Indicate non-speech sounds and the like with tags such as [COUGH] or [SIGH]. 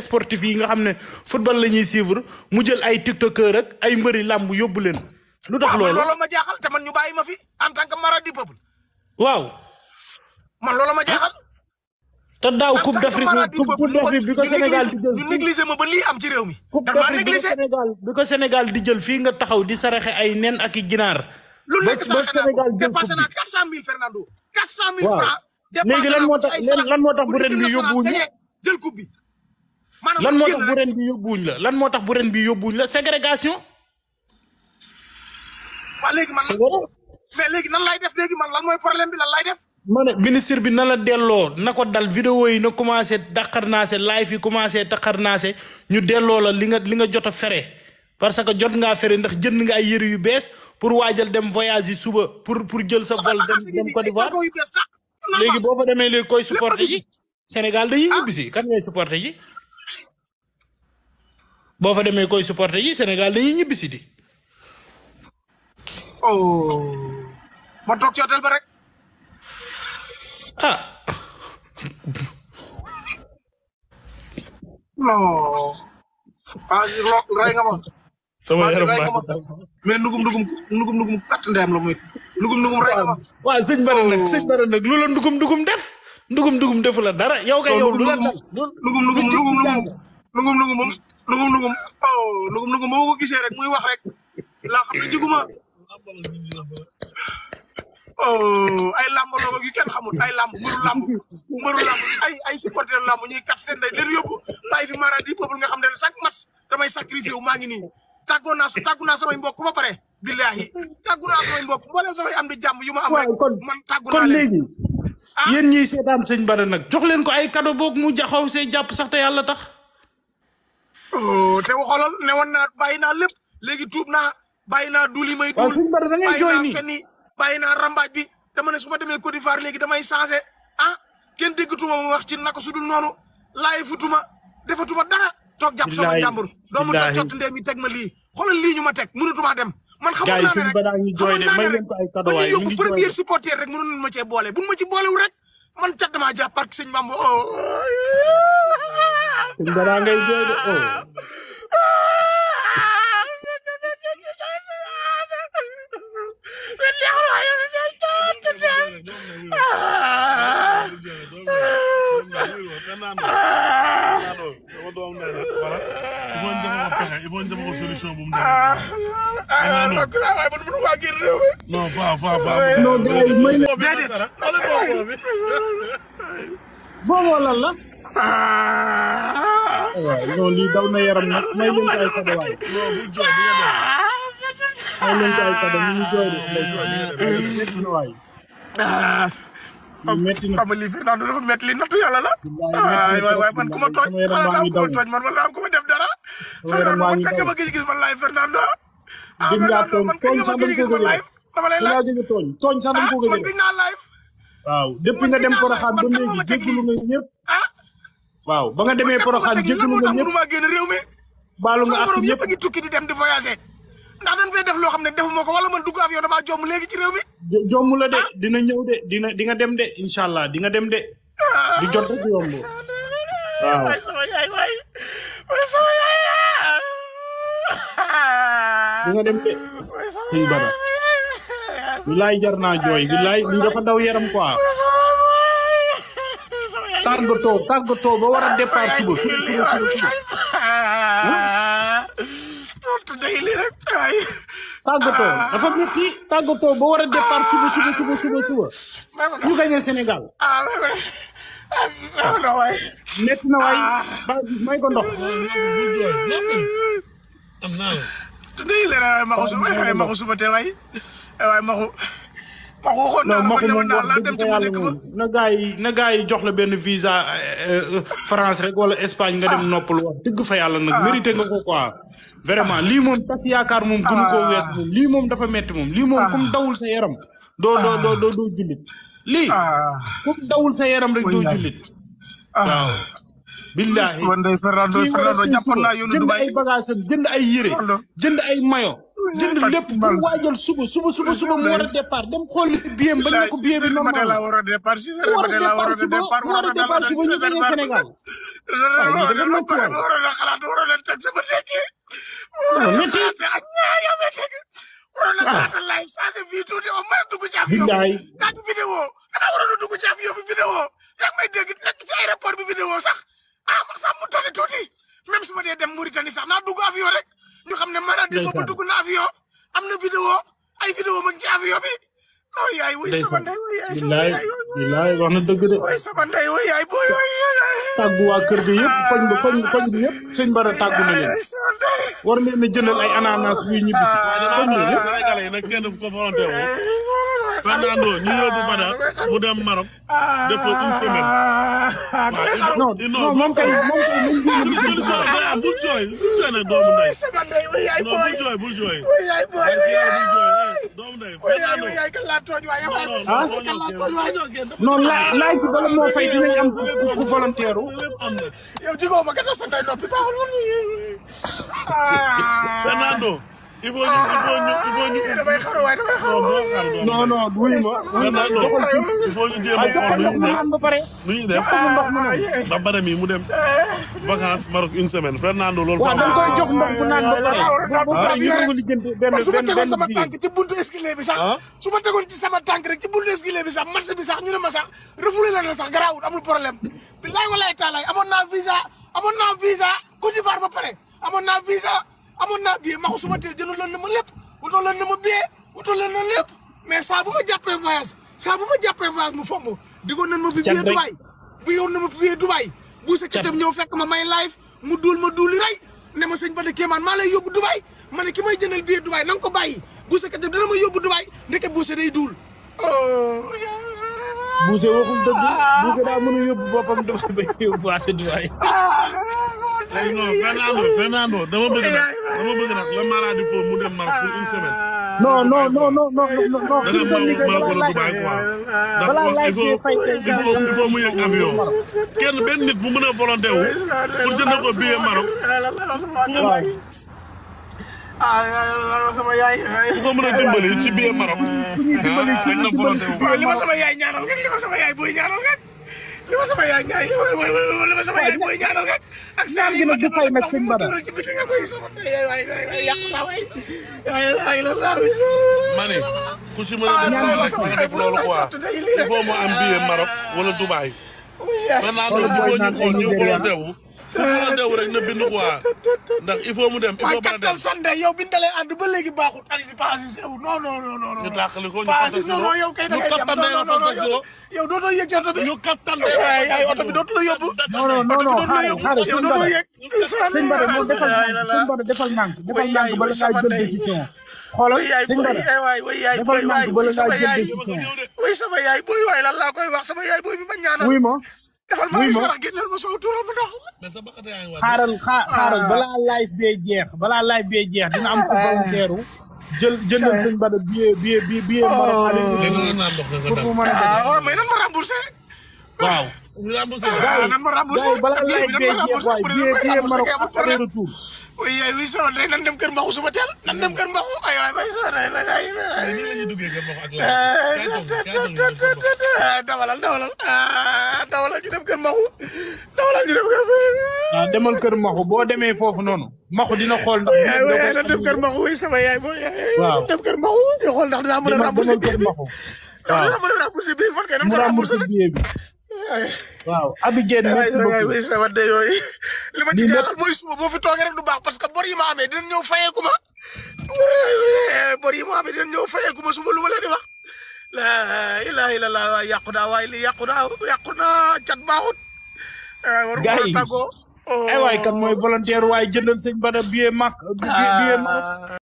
sportif yi nga xam football lañuy suivre mu jël ay tiktoker ak ay mbeuri lamb yobul len lu tax lolo lolo ma jaxal te man ñu bayima fi en tant que mara du peuple. waaw. man lolo ma jaxal te daw coupe d'Afrique coupe d'Afrique bi ko Sénégal di jël ni négligé ma ba li am ci réew mi. coupe d'Afrique bi ko Sénégal bi ko Sénégal di jël fi nga taxaw di saraxé ay nen ak ginar lu nek sa saraxe di passé na 400000 Fernando. 400000 francs. dépassé naa lan moo tax lan moo tax bu ren bi yobou ñu jël coupe bi. lan moo tax bu ren bi yóbbuwuñ la lan moo tax bu ren bi yóbbuwuñ la ségrégation. waaw léegi man mais léegi nan lay def léegi man lan mooy problème bi lan lay def. ma ministre bi na la delloo na ko dal vidéo yi na commencé daqarnaase live yi commencé daqarnaase ñu delloo la li nga li nga jot a fere parce que jot ngaa fere ndax jën nga ay yëre yu bees pour waajal dem voyage yi suba pour pour jël sa vol dem dem Côte d'Ivoire léegi boo fa demee léegi koy supporté ji Sénégal dañuy ñibbi ah. si kan ngay supporté ji. boo fa demee koy supporter yi Sénégal dañuy ñibbisi di. oh. ma toog ci hôtel ba rek. ah. non. Basir loo rey nga ma. sama yaram rey nga ma mais ndugum ndugum ndugum ndugum katt ndeyam ndugum ndugum rey nga ma. waaw sëñ Bara nag sëñ Bara lu la ndugum ndugum def. ndugum ndugum defu la dara yow kay yow. lu la ndugum ndugum ndugum nugum nugum oh nugum nugum mau ko gisee rek muy wax rek laa xam ne jiguma oh ay lamb logo gi kenn xamul ay lamb mbëru lamb mbëru lamb ay ay supporter lamb ñuy kat sendai dari leen yóbbu bàyyi fi maradi peuple nga xam ne chaque match damay sacrifié wu maa ngi nii tàggoo naa tàggu naa samay mbokk ba pare billahi tàggu naa samay mbokk mboolem samay am di jàmm yu ma am rek man tàggu naa leen ah? yéen ñiy seetaan sëñ bare jox leen ko ay cadeau boog mu jaxaw see jàpp sax te yàlla tax Oh, te xoolal ne woon naa bàyyi naa lépp léegi tuub naa bàyyi naa duul yi may. waaw suñu bari da ngay jooy nii bàyyi naa fenn rambaaj bi dama ne su ma demee Côte d'Ivoire léegi damay changé ah kenn déggatuma ma wax ci naka su dul noonu laay futuma defatuma dara. toog jàpp sama jàmbur doomu toog jot ndee mi teg ma lii xoolal lii ñu ma teg mënatuma dem man xamoon naa ne rek xamoon naa ne rek ba ñu yóbbu premier supporter rek mënoon ma cee boole buñ ma ci boolewul rek man cat damaa jàpp parce que sëñ daraa ngay jooy de oh. solution bu mu non faa faa faa. non déedéet may la déedéet. booboo lan la. waaw non daw na yaram nag may leen ko ay kado waay. may leen ko ay kado jooy de. waay. metti na li Fernando dafa metti li nattu yàlla la. waay waay man ku ma tooñ xanaa ku ma man wala ku ma def dara. man kañ nga ma gis gis man laay Fernando. ah Fernando man nga tooñ tooñ sax dañ ko gën a waaw depuis nga dem Porokhane ba léegi jégalu nga ñëpp. waaw ba nga demee poroxaan jégalu nga ñëpp mënuma génn réew mi baalu nga ak ñëpp ngi tukki di dem di voyager ndax dañ fay def loo xam ne defuma ko wala man dugg avion dama jom léegi ci réew mi jom la de dina ñëw de dina di nga dem de inshallah di nga dem de di jot rek yomb waaw waay sama yaay waay di nga dem de suñ bara bilaay jar naa jooy bilaay li dafa daw yaram quoi tàggatoo tàggatoo ba war a départ ba war a départ suba suba suba gañe Sénégal métti na waay may ko ndox am naa la waay maxu suba teel waay waay maxu ma waxoon naa la ma demoon na gaa yi na yi jox la benn visa euh, euh, France rek wala Espagne nga dem ah. noppalu wax dëgg fa yàlla nag ah. mérité nga ko quoi vraiment lii moom tas yaakaar moom gënu koo ah. wees moom lii moom dafa metti moom lii moom comme dawul sa yaram doo doo doo doo doo jullit lii comme dawul sa yaram rek doo jullit waaw billaahi jënd ay bagaasam jënd ay yére jënd ay mayo jënd lépp pour waajal suba suba suba suba mu war a départ dem xool biyam bañ na ko biyam bi normal la war a départ si war a départ suba war a départ suba ñu gagné Sénégal war a xalaat war a teg sama nekki war a xalaat ak ñaaya me teg war a xalaat live changé vie tuuti au moins dugg ci avion bi naat vidéo dama waroon a dugg ci avion bi vidéo yaa may dégg nekk ci aéroport bi vidéo sax ah sax mu tane tuuti même su ma dee dem Mauritanie sax naa dugg avion rek ñu xam ne maladie boobu dugg na avion am na vidéo ay vidéo ma ngi ci avion bi non yaay wuy sama ndey wuy yaay sama ndey na dëgg de wuy sama ndey wuy yaay boo yooyu tàggu waa kër gi yëpp koñ bi koñ koñ bi yëpp sëñ Bara tàggu na leen war ngeen a jëndal ay ananas buy ñibbisi koñ bi yëpp Fernando ñu yóbbu Badar mu dem mu ngi déglu bul doomu ndey. non bul jooy bul doomu ndey Fernando. non la laaj bi bala moo fay Fernando. il faut ñu il faut ñu. Ah, damay xaru waay damay xaru waay. non non wuyu ñu jéem def ba bare ah, mi mu dem vacances Maroc une semaine Fernando loolu. waaw dañ koy jox ndox bu naan ba pare. waaw su tegoon sama tànk ci buntu escalier bi sax. Ah? su ma tegoon ci sama tànk rek ci buntu escalier bi sax match bi sax ñu ne ma sax refoulé la sax garaawul amul problème. bilaay walaay taalaay amoon naa visa amoon naa visa ba pare amoon naa visa. amoon naa billet ma ko suma teel jëndoon leen na ma lépp wutoon leen na ma billet wutoon leen na lépp mais saa bu ma jàppee voyage saa bu ma jàppee voyage mu fomm digoon nañ ma fi billet bu yoon na ma fi billet Dubaay bu sa catam ñëw fekk ma may live mu duul ma duuli rey ne ma sëñ Bada Kéemaan maa lay yóbbu Dubaay ma ne ki may jëndal billet Dubaay na nga ko bàyyi bu sa catam dana ma yóbbu Dubaay ndeke buuse day duul buuse daa mën a yóbbu boppam Dubaay [LAUGHS] ba yóbbuwaate Dubaay [LAUGHS] léegi non Fernando Fernando dama bëgg nag dama bëgg nag la Mara di pour mu dem Maroc pour une semaine. non non non non non non. dana Maroc wala Dubaï quoi. ndax il faut il faut mu yëg avion. kenn benn nit bu mën a volonté wu pour jënd ko billet Maroc. ah yàlla sama yaay. ku ko mën a dimbali ci billet Maroc. ah li ma sama yaay ñaanal nga li ma sama yaay booy ñaanal nga. li ma sama yaay ñaay li ma sama yaay mooy ñaanal rek. ak saa yi ma def ak ma def ma def ma nga koy sama yaay waay waay yàq naa waay waay la laa waay. ma ne ku si mën a def loolu rek mën a def loolu quoi il faut mu am billet Maroc wala Dubaï. Fernando il faut ñu xool ñu volonté wu. su ma dew rek na bind quoi ndax il faut mu dem il faut ba dem sande yow bindalee ànd ba léegi baaxut ak si pas si sew non non non non ñu tàqali ko ñu fanta si non yow kay da ngay dem non non non yow dootoo yëg ci oto bi ñu kattan de ay oto bi dootu la yóbbu non non non oto bi dootu la yóbbu yow dootoo yëg sëñ Bada moom defal nànk defal nànk defal nànk bala ngaa jël décision xoolal sëñ Bada defal nànk bala ngaa jël décision waay sama yaay booy waay lan laa koy wax sama yaay booy bi ma ñaanal wuy ma defal ma ay sarax génneel ma sama turam ndox. xaaral ah. xaaral balaa live bee jeex balaa live bee jeex dina am ko ah. volontaire jël jëndal sëñ Bada billet billet billet billet. waaw waaw waaw mais nan ma remboursé. waaw. ñu remboursé waaw ah, nan ma remboursé billet bi nan ma remboursé billet nan dem kër Mbaxu suba teel nan dem kër Mbaxu ay waay bay soo day day nii la ñuy duggee kër Mbaxu ak la eh, dawalal dawalal ah, dawalal ñu dem kër Mbaxu dawalal ñu dem kër ah demal kër Mbaxu boo demee foofu noonu Mbaxu dina xool ndax nan dem kër Mbaxu way sama yaay boo dem kër Mbaxu di xool ndax dinaa mën a remboursé billet bi waaw dinaa mën a remboursé billet bi man kay nan ko remboursé waaw abi génn merci beaucoup li ma ci jaaxal mooy suba boo fi toogee rek du baax parce que bor yi ma amee dinañ ñëw fayeeku ma bor yi ma amee ma suba lu ma leen di wax laa ilaaha illallaah waay yàqu naa waay li yàqu naa yàqu naa cat baaxut gars yi ay waay kan mooy oh. volontaire waay jëndal sëñ bana billet màkk ah. billet